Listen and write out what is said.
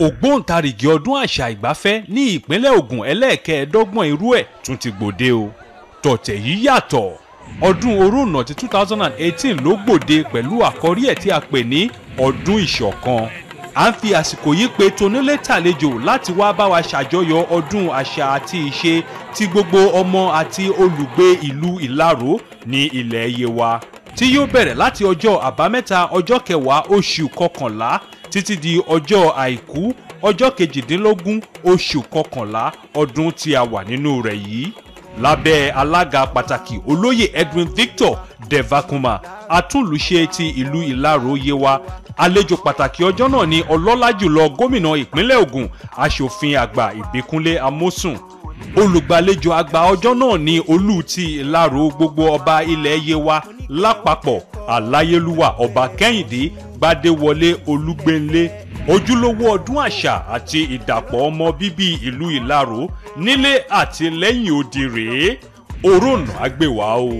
ògbóǹtarìgì ọdún àṣà ìgbafẹ́ ní ìpínlẹ̀ Ògùn ẹlẹ́ẹ̀kẹ́ẹ̀dọ́gbọ̀n irú ẹ̀ tún ti gbòde o tọ̀tẹ̀ yìí yàtọ̀ ọdún orúnà ti 2018 ló gbòde pẹ̀lú àkọ́rí ẹ̀ tí a pè ní ọdún ìṣọ̀kan à ń fi àsìkò yìí pe tonílé tàlejò láti wá bá wa ṣàjọyọ̀ ọdún àṣà àti ìṣe ti gbogbo ọmọ àti olùgbé ìlú Ìlaró ní ilẹ̀ Yewa tí yóò bẹ̀rẹ̀ láti ọjọ́ àbámẹ́ta ọjọ́ kẹwàá oṣù kọkànlá títí di ọjọ́ àìkú ọjọ́ kejìdínlógún oṣù kọkànlá ọdún tí a wà nínú rẹ̀ yìí lábẹ́ alága pàtàkì olóyè Edwin Victor Devakuma atúnlùṣe ti ìlú Ìlaró Yewa àlejò pàtàkì ọjọ́ náà ni ọlọ́lá jùlọ gómìnà ìpínlẹ̀ Ògùn aṣòfin àgbà Ìbíkúnlé Amósùn olùgbàlejò àgbà ọjọ́ náà ni olú ti Ìlaró gbogbo ọba ilẹ̀ Yewa lápapọ̀ àláyélúwà ọba kẹ́hìndé gbadéwọlé olúgbénlé ojúlówó ọdún àṣà àti ìdàpọ̀ ọmọ bíbí ìlú ìlaró nílé àti lẹ́yìn odi rèé òrónà àgbèwà o.